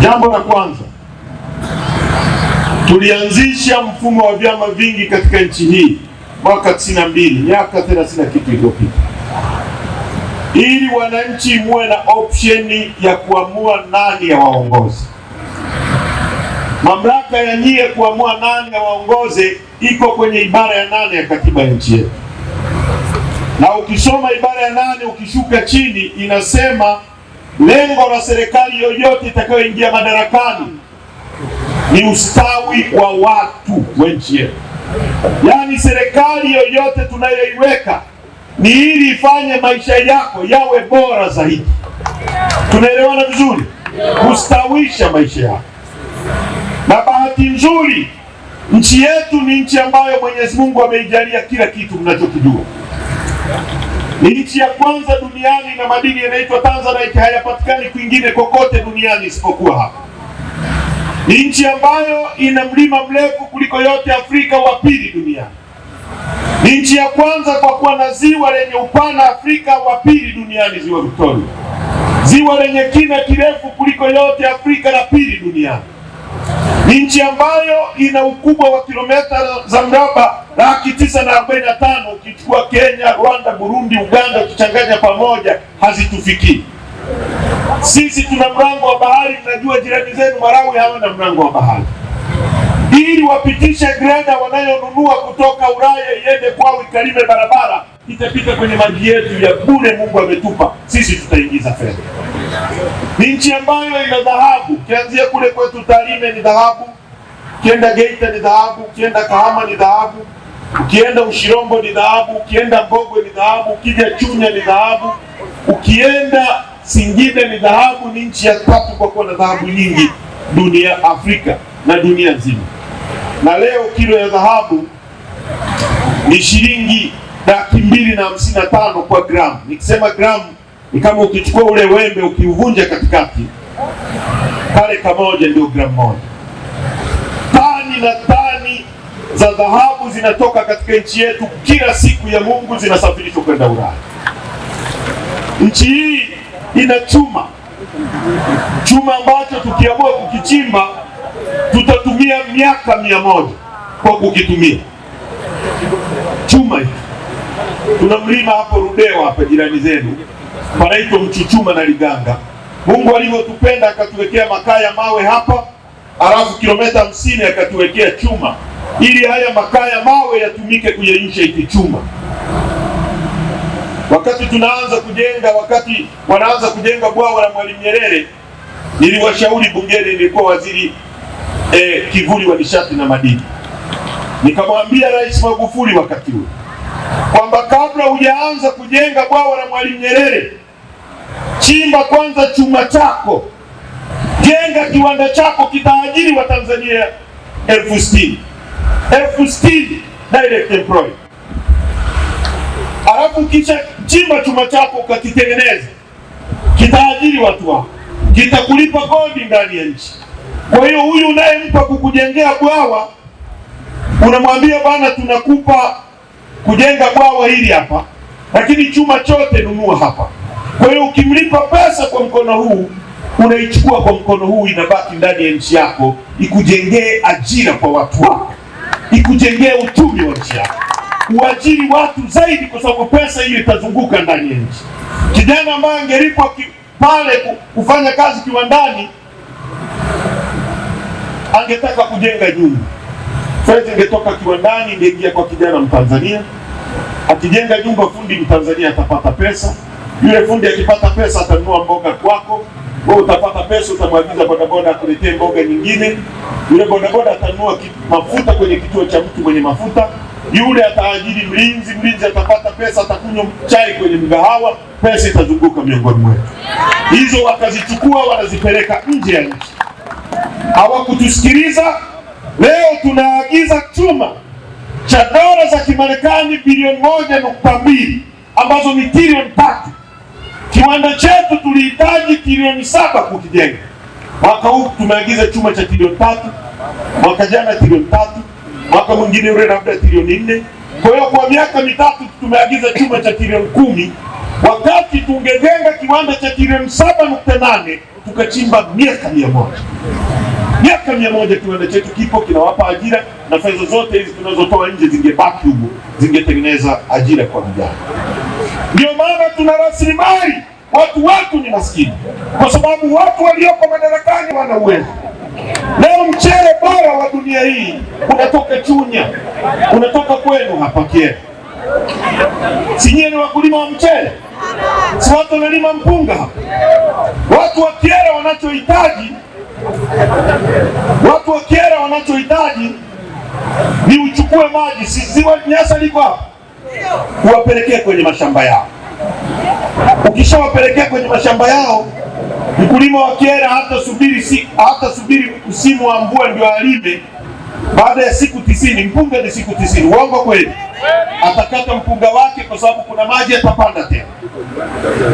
Jambo la kwanza, tulianzisha mfumo wa vyama vingi katika nchi hii mwaka 92 miaka 30 kitu iliyopita, ili wananchi muwe na option ya kuamua nani ya waongozi. Mamlaka ya nyie kuamua nani ya waongoze iko kwenye ibara ya nane ya katiba ya nchi yetu, na ukisoma ibara ya nane ukishuka chini inasema Lengo la serikali yoyote itakayoingia madarakani ni ustawi wa watu wa nchi yetu. Yaani, serikali yoyote tunayoiweka ni ili ifanye maisha yako yawe bora zaidi. Tunaelewana vizuri? Kustawisha maisha yako. Na bahati nzuri, nchi yetu ni nchi ambayo Mwenyezi Mungu ameijalia kila kitu mnachokijua. Ni nchi ya kwanza duniani na madini yanaitwa Tanzanite hayapatikani kwingine kokote duniani isipokuwa hapa. Ni nchi ambayo ina mlima mrefu kuliko yote Afrika, wa pili duniani. Ni nchi ya kwanza kwa kuwa na ziwa lenye upana Afrika, wa pili duniani, ziwa Victoria, ziwa lenye kina kirefu kuliko yote Afrika, la pili duniani ni nchi ambayo ina ukubwa wa kilometa za mraba laki tisa na arobaini na tano ukichukua Kenya, Rwanda, Burundi, Uganda ukichanganya pamoja hazitufikii. Sisi tuna mlango wa bahari, tunajua jirani zenu Malawi hawana mlango wa bahari. Ili wapitishe greda wanayonunua kutoka Ulaya iende kwao ikalime barabara itapita kwenye maji yetu ya bure Mungu ametupa sisi, tutaingiza fedha. Ni nchi ambayo ina dhahabu, kianzia kule kwetu Tarime ni dhahabu, ukienda Geita ni dhahabu, ukienda Kahama ni dhahabu, ukienda Ushirombo ni dhahabu, ukienda Mbogwe ni dhahabu, ukija Chunya ni dhahabu, ukienda Singida ni dhahabu. Ni nchi ya tatu kwa kuwa na dhahabu nyingi dunia, Afrika na dunia nzima. Na leo kilo ya dhahabu ni shilingi laki mbili na hamsini na tano kwa gramu. Nikisema gramu ni kama ukichukua ule wembe ukiuvunja katikati, kale kamoja ndio gramu moja. Tani na tani za dhahabu zinatoka katika nchi yetu kila siku ya Mungu, zinasafirishwa kwenda Ulaya. Nchi hii ina chuma, chuma ambacho tukiamua kukichimba tutatumia miaka mia moja kwa kukitumia chuma hii Tuna mlima hapo Rudewa hapa jirani zenu panaitwa Mchuchuma na Liganga. Mungu alivyotupenda akatuwekea makaa ya mawe hapa, alafu kilomita hamsini akatuwekea chuma ili haya makaa ya mawe yatumike kuyeyusha hiki chuma. Wakati tunaanza kujenga, wakati wanaanza kujenga bwawa la Mwalimu Nyerere, niliwashauri bungeni, nilikuwa waziri eh, kivuli wa nishati na madini, nikamwambia Rais Magufuli wakati huo kwamba kabla hujaanza kujenga bwawa la Mwalimu Nyerere, chimba kwanza chuma chako, jenga kiwanda chako, kitaajiri wa elfu sitini elfu sitini direct employment. Alafu kisha chimba chuma chako ukakitengeneza, kitaajiri watu wako, kitakulipa kodi ndani ya nchi. Kwa hiyo huyu unayempa kukujengea bwawa unamwambia bwana, tunakupa kujenga bwawa hili hapa, lakini chuma chote nunua hapa. Kwa hiyo ukimlipa pesa kwa mkono huu unaichukua kwa mkono huu, inabaki ndani ya nchi yako, ikujengee ajira kwa watu wako, ikujengee uchumi wa nchi yako, uajiri watu zaidi, kwa sababu pesa hiyo itazunguka ndani ya nchi. Kijana ambaye angelipwa pale kufanya kazi kiwandani angetaka kujenga nyumba Fedha ingetoka kiwandani ingeingia kwa kijana Mtanzania. Akijenga nyumba fundi Mtanzania atapata pesa. Yule fundi akipata pesa atanunua mboga kwako, wewe utapata pesa, utamwagiza bodaboda akuletee mboga nyingine. Yule bodaboda atanunua mafuta kwenye kituo cha mtu mwenye mafuta. Yule ataajiri mlinzi, mlinzi atapata pesa, atakunywa chai kwenye mgahawa, pesa itazunguka miongoni mwetu. Hizo wakazichukua wanazipeleka nje ya nchi, hawakutusikiliza. Leo tunaagiza chuma cha dola za Kimarekani bilioni moja nukta mbili ambazo ni trilioni tatu. Kiwanda chetu tulihitaji trilioni saba kukijenga, mwaka huu tumeagiza chuma cha trilioni tatu, mwaka jana trilioni tatu, mwaka mwingine ule labda trilioni nne. Kwa hiyo kwa miaka mitatu tumeagiza chuma cha trilioni kumi wakati tungejenga kiwanda cha trilioni saba nukta nane tukachimba miaka mia moja miaka mia moja kiwanda chetu kipo kinawapa ajira, na fedha zote hizi tunazotoa nje zingebaki huko, zingetengeneza ajira kwa vijana. Ndio maana tuna rasilimali watu watu ni maskini, kwa sababu watu walioko madarakani wana uwezo. Leo mchele bora wa dunia hii unatoka Chunya, unatoka kwenu hapa Kyela. Sinyie ni wakulima wa mchele, si watu wanalima mpunga hapa. Watu wa Kyela wanachohitaji Watu wa Kyela wanachohitaji ni uchukue maji, si ziwa Nyasa liko hapa, uwapelekee kwenye mashamba yao. Ukishawapelekea kwenye mashamba yao, mkulima wa Kyela hatasubiri si, subiri msimu wa mvua ndio alime. Baada ya siku tisini, mpunga ni siku tisini, uongo kweli? Atakata mpunga wake kwa sababu kuna maji, atapanda tena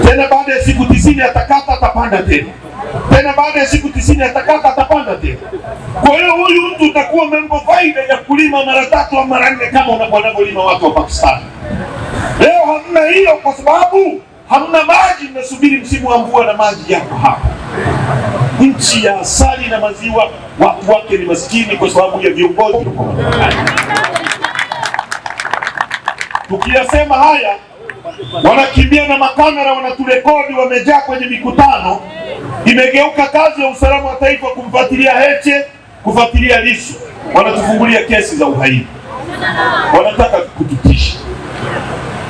tena. Baada ya siku tisini atakata, atapanda tena tena baada ya siku tisini atakata atapanda tena. Kwa hiyo huyu mtu utakuwa mambo faida ya kulima mara tatu au mara nne kama wanavyolima watu wa Pakistani. Leo hamna hiyo kwa sababu hamna maji, mnasubiri msimu wa mvua na maji yako hapa. Nchi ya asali na maziwa, watu wake ni maskini kwa sababu ya viongozi. Tukiyasema haya wanakimbia na makamera, wanaturekodi, wamejaa kwenye mikutano imegeuka kazi ya usalama wa taifa kumfuatilia Heche, kufuatilia Lissu. Wanatufungulia kesi za uhaini, wanataka kututisha.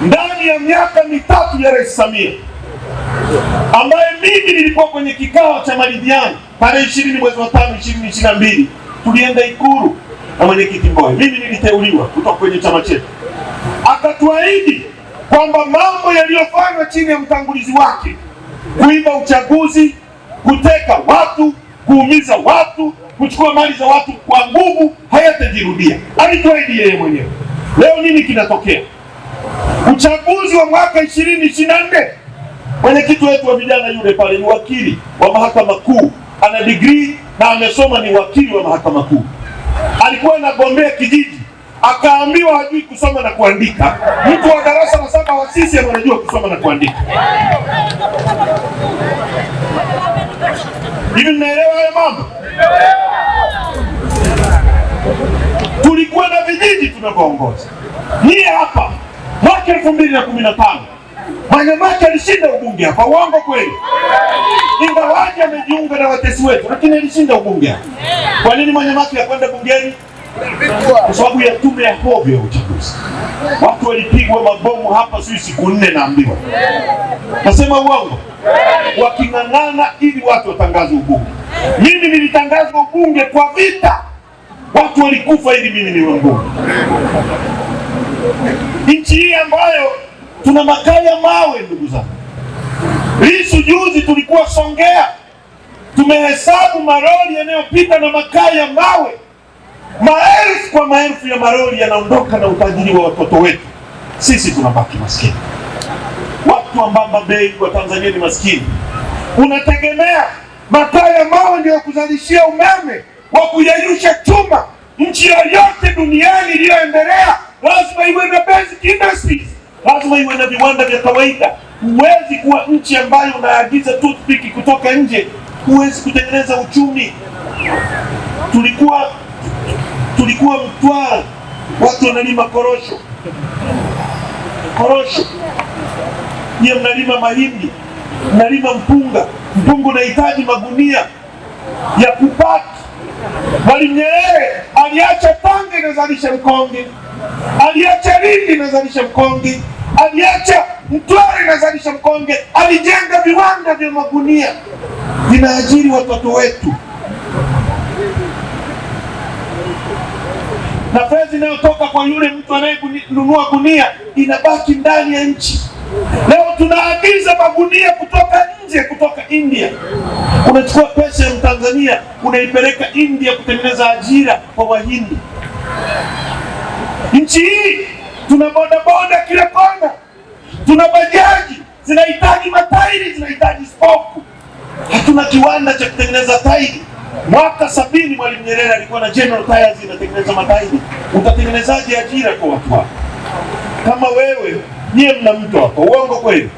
Ndani ya miaka mitatu ya Rais Samia ambaye mimi nilikuwa kwenye kikao cha maridhiano tarehe ishirini mwezi wa tano ishirini ishirini na mbili tulienda Ikulu na mwenyekiti Mbowe, mimi niliteuliwa kutoka kwenye chama chetu, akatuahidi kwamba mambo yaliyofanywa chini ya mtangulizi wake kuiba uchaguzi kuteka watu, kuumiza watu, kuchukua mali za watu kwa nguvu hayatajirudia. Alituahidi yeye mwenyewe. Leo nini kinatokea? Uchaguzi wa mwaka ishirini ishirini na nne, mwenyekiti wetu wa vijana yule pale ni wakili wa mahakama kuu, ana degree na amesoma, ni wakili wa mahakama kuu. Alikuwa anagombea kijiji, akaambiwa hajui kusoma na kuandika. Mtu wa darasa la saba wa sisi anajua kusoma na kuandika Hivi mnaelewa hayo mambo? Tulikuwa na vijiji tunakoongoza nyie hapa mwaka elfu mbili na kumi na tano manyamake alishinda ubunge hapa, uongo kweli? Ingawaje amejiunga na watesi wetu, lakini alishinda ubunge hapa. Kwa nini Manyamaki yakwenda bungeni? Kwa sababu ya tume ya hovyo ya uchaguzi. Watu walipigwa mabomu hapa, sijui siku nne, naambiwa nasema uongo waking'ang'ana ili watu watangaze ubunge. Mimi nilitangaza ubunge kwa vita, watu walikufa ili mimi niwe mbunge. Nchi hii ambayo tuna makaa ya mawe, ndugu zangu. Lisu, juzi tulikuwa Songea, tumehesabu maroli yanayopita na makaa ya mawe, maelfu kwa maelfu ya maroli yanaondoka na utajiri wa watoto wetu, sisi tunabaki maskini watu wa Mbamba Bay kwa Tanzania ni maskini. Unategemea makaa ya mawe ndio kuzalishia umeme wa kuyayusha chuma. Nchi yoyote duniani iliyoendelea lazima iwe na basic industries, lazima iwe na viwanda vya kawaida. Huwezi kuwa nchi ambayo unaagiza toothpick kutoka nje, huwezi kutengeneza uchumi. Tulikuwa tulikuwa Mtwara, watu wanalima korosho korosho Nyie mnalima mahindi, mnalima mpunga. Mpunga unahitaji magunia ya kupaki. Mwalimu Nyerere aliacha Tanga inazalisha mkonge, aliacha Lindi inazalisha mkonge, aliacha Mtwara inazalisha mkonge. Alijenga viwanda vya magunia vinaajiri watoto wetu, na fedha inayotoka kwa yule mtu anayenunua gunia inabaki ndani ya nchi. Leo tunaagiza magunia kutoka nje, kutoka India. Unachukua pesa ya Mtanzania unaipeleka India kutengeneza ajira kwa Wahindi. Nchi hii tuna bodaboda kila kona, tuna bajaji zinahitaji matairi, zinahitaji spoku. Hatuna kiwanda cha kutengeneza tairi. Mwaka sabini Mwalimu Nyerere alikuwa na General Tyres inatengeneza matairi. Utatengenezaje ajira kwa watu wako kama wewe Nyie mna mto hapo, uongo kweli?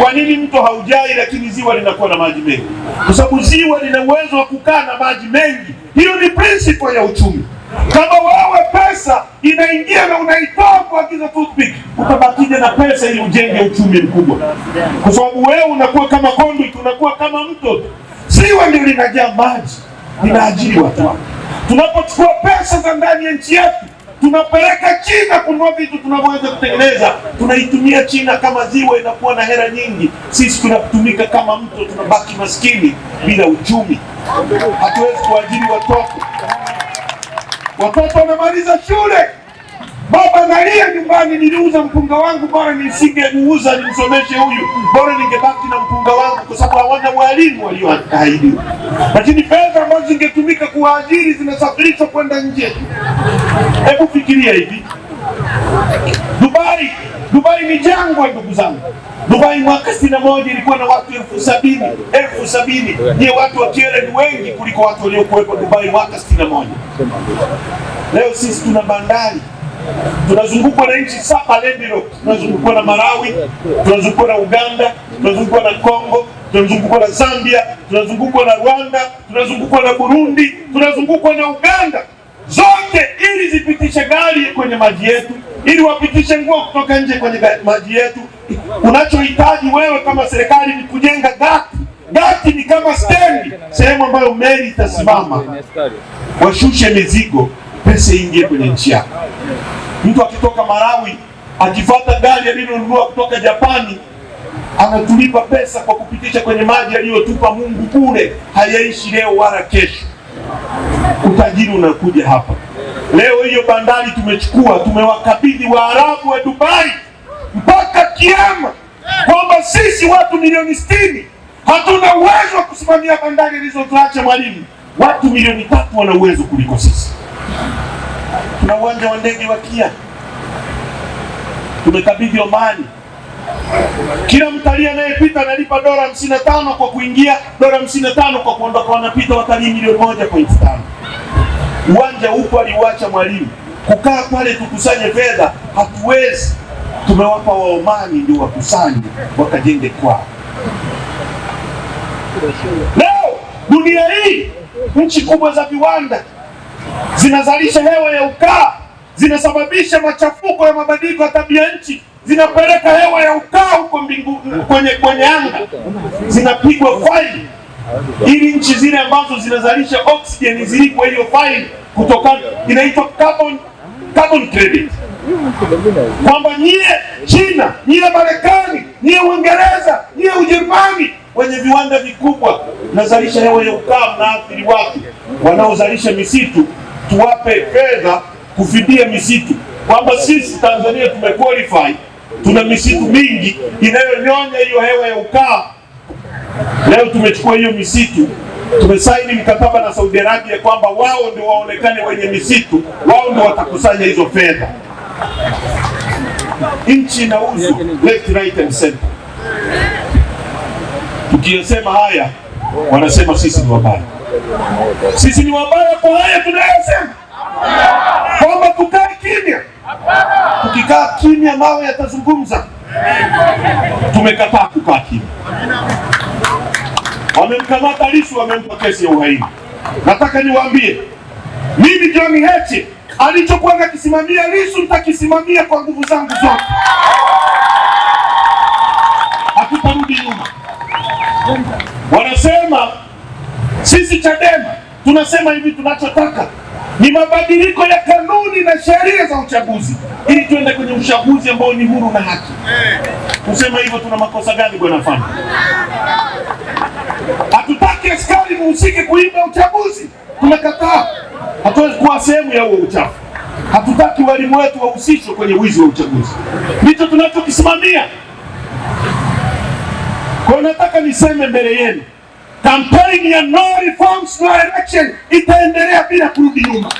Kwa nini mto haujai lakini ziwa linakuwa na maji mengi? Kwa sababu ziwa lina uwezo wa kukaa na maji mengi. Hiyo ni principle ya uchumi. Kama wewe pesa inaingia na unaitoa kuagiza toothpick, utabakija na pesa ili ujenge uchumi mkubwa, kwa sababu wewe unakuwa kama conduit, unakuwa kama mto. Ziwa ndio linajaa maji, linaajiri watu. Tunapochukua pesa za ndani ya nchi yetu tunapeleka China kununua vitu tunavyoweza kutengeneza, tunaitumia China kama ziwa, inakuwa na hera nyingi. Sisi tunatumika kama mto, tunabaki maskini bila uchumi, hatuwezi kuajiri watoto. Watoto wamemaliza shule, baba nalia nyumbani, niliuza mpunga wangu, bora nisingemuuza nimsomeshe huyu, bora ningebaki na mpunga wangu, kwa sababu hawana walimu walioahidiwa. Lakini fedha ambazo zingetumika kuwaajiri zinasafirishwa kwenda nje. Hebu fikiria hivi, Dubai, Dubai ni jangwa ndugu zangu. Dubai mwaka sitini na moja ilikuwa na watu elfu sabini elfu sabini watu wa Kyela ni wengi kuliko watu waliokuwepo Dubai mwaka sitini na moja Leo sisi tuna bandari tunazungukwa na nchi saba lendilo, tunazungukwa na Malawi, tunazungukwa na Uganda, tunazungukwa na Kongo, tunazungukwa na Zambia, tunazungukwa na Rwanda, tunazungukwa na Burundi, tunazungukwa na Uganda zote zote ili zipitishe gari kwenye maji yetu, ili wapitishe nguo kutoka nje kwenye maji yetu. Unachohitaji wewe kama serikali ni kujenga gati. Gati ni kama stendi, sehemu ambayo meli itasimama, washushe mizigo, pesa ingie kwenye nchi yako. Mtu akitoka Malawi akifata gari alilonunua kutoka Japani anatulipa pesa kwa kupitisha kwenye maji aliyotupa Mungu kule, hayaishi leo wala kesho. Utajiri unakuja hapa. Leo hiyo bandari tumechukua, tumewakabidhi Waarabu wa Dubai mpaka kiama, kwamba sisi watu milioni sitini hatuna uwezo wa kusimamia bandari alizotuacha Mwalimu. Watu milioni tatu wana uwezo kuliko sisi. Tuna uwanja wa ndege wa KIA tumekabidhi Omani. Kila mtalii anayepita analipa dola tano kwa kuingia, dola tano kwa kuondoka, wanapita watalii milioni moja pointi tano. Uwanja huko aliuacha Mwalimu, kukaa pale tukusanye fedha hatuwezi. Tumewapa Waomani ndio wakusanye wakajenge kwao. Leo dunia hii nchi kubwa za viwanda zinazalisha hewa ya ukaa, zinasababisha machafuko ya mabadiliko ya tabia nchi, zinapeleka hewa ya ukaa huko mbinguni, kwenye kwenye anga zinapigwa kwai ili nchi zile ambazo zinazalisha oxygen zilipo hiyo fine kutoka inaitwa carbon carbon credit, kwamba nyie China, nyie Marekani, nyie Uingereza, nyie Ujerumani wenye viwanda vikubwa nazalisha hewa ya ukaa na athiri wake, wanaozalisha misitu tuwape fedha kufidia misitu, kwamba sisi Tanzania tumequalify, tuna misitu mingi inayonyonya hiyo hewa ya ukaa. Leo tumechukua hiyo misitu, tumesaini mkataba na Saudi Arabia kwamba wao ndio waonekane wenye misitu, wao ndio watakusanya hizo fedha. Nchi inauzwa left right and center. Tukiyosema haya wanasema sisi ni wabaya, sisi ni wabaya kwa haya tunayosema kwamba tukae kimya. Tukikaa kimya, mawe yatazungumza. Tumekataa kukaa kimya. Wamemkamata Lissu, wamempa kesi ya uhaini. Nataka niwaambie mimi John Heche alichokuwa nakisimamia Lissu nitakisimamia kwa nguvu zangu zote, hatutarudi nyuma. Wanasema sisi Chadema tunasema hivi, tunachotaka ni mabadiliko ya kanuni na sheria za uchaguzi ili tuende kwenye uchaguzi ambao ni huru na haki. Kusema hivyo, tuna makosa gani bwana Hatutaki askari muhusike kuimba uchaguzi, tumekataa. Hatuwezi kuwa sehemu ya huo uchafu. Hatutaki walimu wetu wahusishwe kwenye wizi wa uchaguzi, ndicho tunachokisimamia. Kwa nataka niseme mbele yenu, kampeni ya no reforms no election itaendelea bila kurudi nyuma.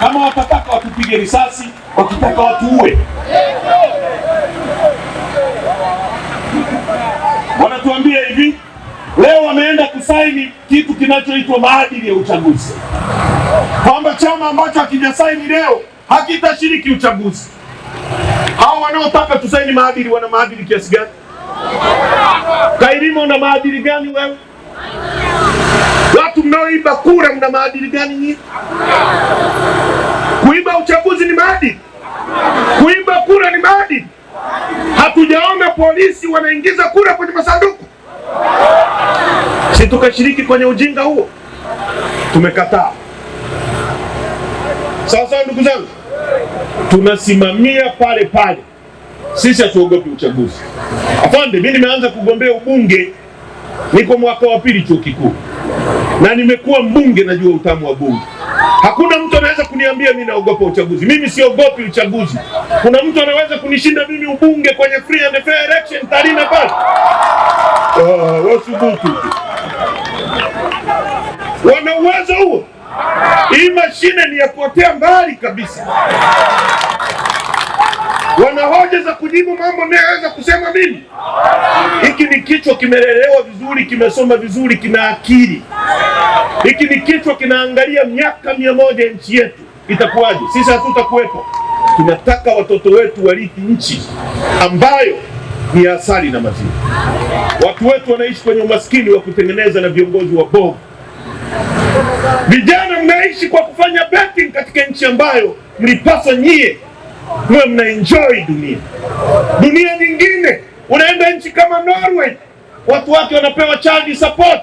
Kama watataka watupige risasi, wakitaka watuue wanatuambia hivi leo, wameenda kusaini kitu kinachoitwa maadili ya uchaguzi, kwamba chama ambacho hakijasaini leo hakitashiriki uchaguzi. Hao wanaotaka tusaini maadili wana maadili kiasi gani? Kairima, una maadili gani wewe? Watu mnaoiba kura mna maadili gani nyinyi? Kuiba uchaguzi ni maadili? Kuiba kura ni maadili? Hatujaona polisi wanaingiza kura kwenye masanduku, si tukashiriki kwenye ujinga huo? Tumekataa. Sawa sawa, ndugu zangu, tunasimamia pale pale. Sisi hatuogopi uchaguzi. Afande, mimi nimeanza kugombea ubunge, niko mwaka wa pili chuo kikuu, na nimekuwa mbunge, najua utamu wa bunge. Hakuna mtu anaweza kuniambia mimi naogopa uchaguzi. Mimi siogopi uchaguzi. Kuna mtu anaweza kunishinda mimi ubunge kwenye free and fair election tarina pale? Oh, wasubutu wana uwezo huo. Hii mashine ni ya kuotea mbali kabisa. Wana hoja za kujibu mambo naweza kusema mimi. Hiki ni kichwa kimelelewa vizuri, kimesoma vizuri, kina akili. Hiki ni kichwa kinaangalia miaka mia moja nchi yetu itakuwaje. Sisi hatutakuwepo. Tunataka watoto wetu warithi nchi ambayo ni asali na maziwa. Watu wetu wanaishi kwenye umaskini wa kutengeneza na viongozi wa bovu. Vijana mnaishi kwa kufanya betting katika nchi ambayo mlipaswa nyie mna enjoy dunia. Dunia nyingine unaenda nchi kama Norway, watu wake wanapewa child support,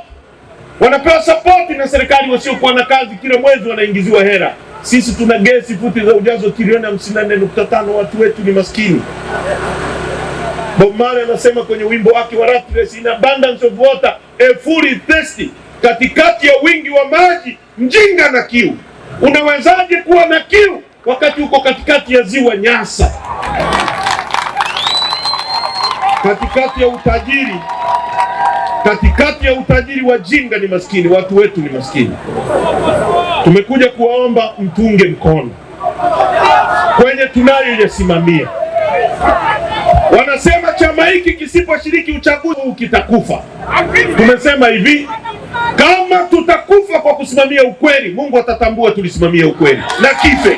wanapewa support na serikali, wasiokuwa na kazi kila mwezi wanaingiziwa hera. Sisi tuna gesi futi za ujazo trilioni 54.5, watu wetu ni maskini. Bob Marley anasema kwenye wimbo wake wa Ratless, in abundance of water a fool is thirsty, katikati ya wingi wa maji mjinga na kiu. Unawezaje kuwa na kiu wakati uko katikati ya ziwa Nyasa, katikati ya utajiri, katikati ya utajiri. Wajinga ni maskini, watu wetu ni maskini. Tumekuja kuwaomba mtunge mkono kwenye tunayoyasimamia. Wanasema chama hiki kisiposhiriki uchaguzi huu kitakufa. Tumesema hivi, kama tutakufa kwa kusimamia ukweli, Mungu atatambua tulisimamia ukweli na kife.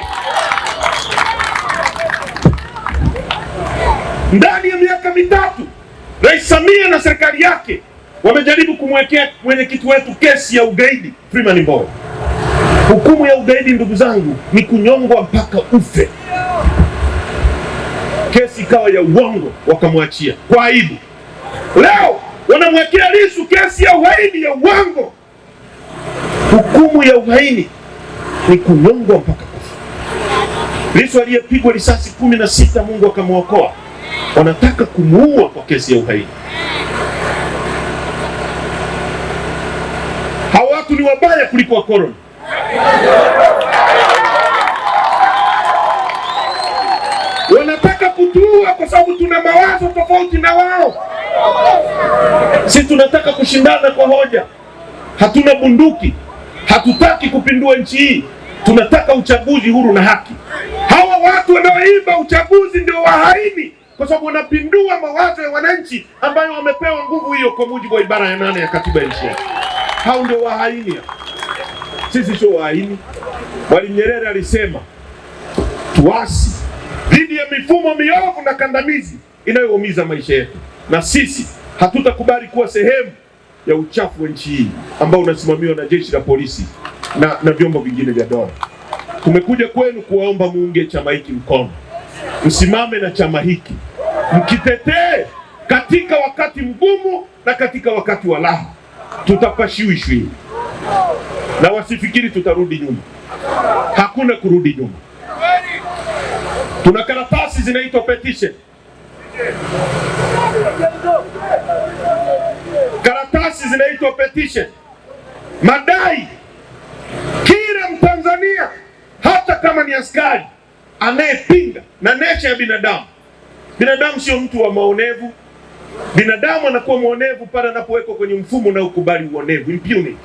Ndani ya miaka mitatu Rais Samia na serikali yake wamejaribu kumwekea mwenyekiti wetu kesi ya ugaidi Freeman Mbowe. Hukumu ya ugaidi, ndugu zangu, ni kunyongwa mpaka ufe. Kesi ikawa ya uongo, wakamwachia kwa aibu. Leo wanamwekea Lissu kesi ya uhaini ya uongo. Hukumu ya uhaini ni kunyongwa mpaka kufa. Lissu aliyepigwa risasi kumi na sita Mungu akamwokoa wanataka kumuua kwa kesi ya uhaini. Hawa watu ni wabaya kuliko wakoloni. Wanataka kutuua kwa sababu tuna mawazo tofauti na wao. Si tunataka kushindana kwa hoja, hatuna bunduki, hatutaki kupindua nchi hii, tunataka uchaguzi huru na haki. Hawa watu wanaoimba uchaguzi ndio wahaini kwa sababu wanapindua mawazo ya wananchi ambayo wamepewa nguvu hiyo kwa mujibu wa ibara ya nane ya katiba ya nchi Hao ndio wahaini. Sisi sio wahaini. Mwalimu Nyerere alisema tuasi dhidi ya mifumo miovu na kandamizi inayoumiza maisha yetu, na sisi hatutakubali kuwa sehemu ya uchafu wa nchi hii ambao unasimamiwa na jeshi la polisi na, na vyombo vingine vya dola. Tumekuja kwenu kuwaomba muunge chama hiki mkono msimame na chama hiki mkitetee katika wakati mgumu na katika wakati wa raha, tutapashiwishwi na wasifikiri tutarudi nyuma. Hakuna kurudi nyuma. Tuna karatasi zinaitwa petition, karatasi zinaitwa petition, madai kila Mtanzania hata kama ni askari anayepinga na necha ya binadamu. Binadamu sio mtu wa maonevu. Binadamu anakuwa mwonevu pale anapowekwa kwenye mfumo ukubali uonevu, impunity.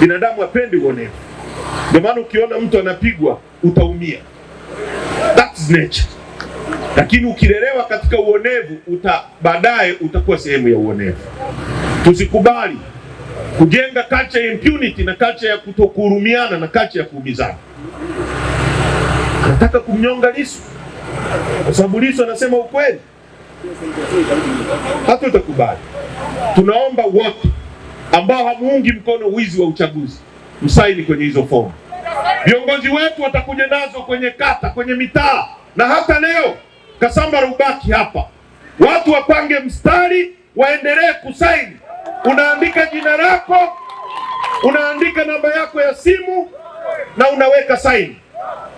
Binadamu apendi uonevu, ndio maana ukiona mtu anapigwa utaumia, that's nature. Lakini ukilelewa katika uonevu uta baadaye utakuwa sehemu ya uonevu. Tusikubali kujenga culture ya impunity na culture ya kutokuhurumiana na culture ya kuumizana. Nataka kumnyonga Lisu kwa sababu Lisu anasema ukweli, hatutakubali. Tunaomba wote ambao hamuungi mkono wizi wa uchaguzi msaini kwenye hizo fomu. Viongozi wetu watakuja nazo kwenye kata, kwenye mitaa, na hata leo Kasamba Rubaki hapa, watu wapange mstari, waendelee kusaini. Unaandika jina lako, unaandika namba yako ya simu na unaweka saini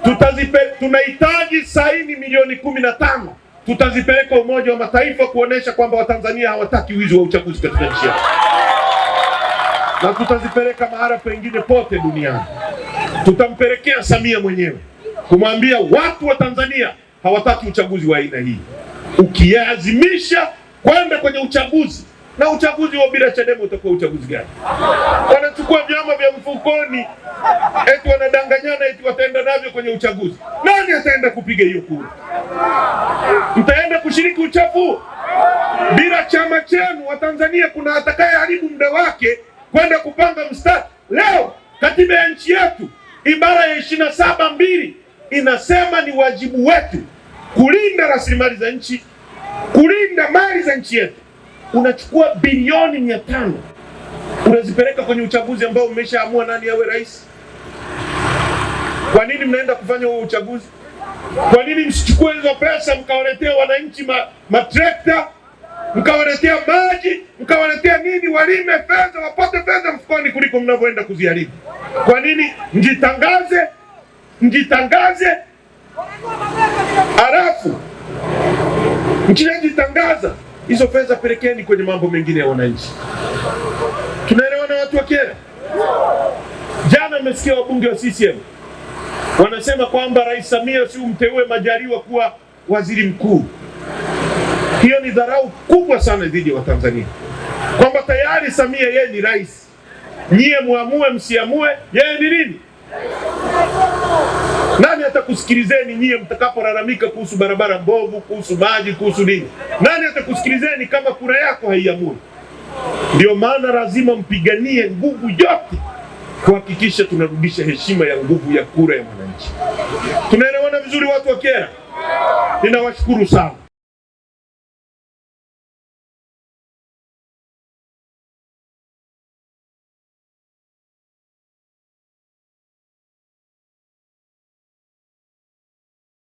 tutazipe, tunahitaji saini milioni kumi na tano tutazipeleka Umoja wa Mataifa kuonesha kwamba Watanzania hawataki wizi wa uchaguzi katika nchi yao, na tutazipeleka mahali pengine pote duniani. Tutampelekea Samia mwenyewe kumwambia watu wa Tanzania hawataki uchaguzi wa aina hii. Ukiazimisha kwenda kwenye uchaguzi na uchaguzi wa bila Chadema utakuwa uchaguzi gani? Wanachukua vyama vya mfukoni, eti wanadanganyana, eti wataenda navyo kwenye uchaguzi. Nani ataenda kupiga hiyo kura? Mtaenda kushiriki uchafu bila chama chenu. Watanzania, kuna atakaye haribu muda wake kwenda kupanga mstari. Leo katiba ya nchi yetu ibara ya ishirini na saba mbili inasema ni wajibu wetu kulinda rasilimali za nchi, kulinda mali za nchi yetu unachukua bilioni mia tano unazipeleka kwenye uchaguzi ambao umeshaamua nani awe rais. Kwa nini mnaenda kufanya huo uchaguzi? Kwa nini msichukue hizo pesa mkawaletea wananchi ma, matrekta mkawaletea maji mkawaletea nini, walime fedha wapate fedha mfukoni kuliko mnavyoenda kuziharibu. Kwa nini mjitangaze, mjitangaze halafu mkinajitangaza hizo fedha pelekeni kwenye mambo mengine ya wananchi. Tunaelewana watu wa Kyela? Jana mmesikia wabunge wa CCM wanasema kwamba Rais Samia si umteue Majaliwa kuwa waziri mkuu. Hiyo ni dharau kubwa sana dhidi ya Watanzania, kwamba tayari Samia yeye ni rais, nyie muamue msiamue, yeye ni nini? Nani atakusikilizeni nyie mtakaporalamika kuhusu barabara mbovu, kuhusu maji, kuhusu nini? Nani atakusikilizeni kama kura yako haiamuri? Ndio maana lazima mpiganie nguvu yote kuhakikisha tunarudisha heshima ya nguvu ya kura ya mwananchi. Tunaelewana vizuri, watu wa Kyela? Ninawashukuru sana.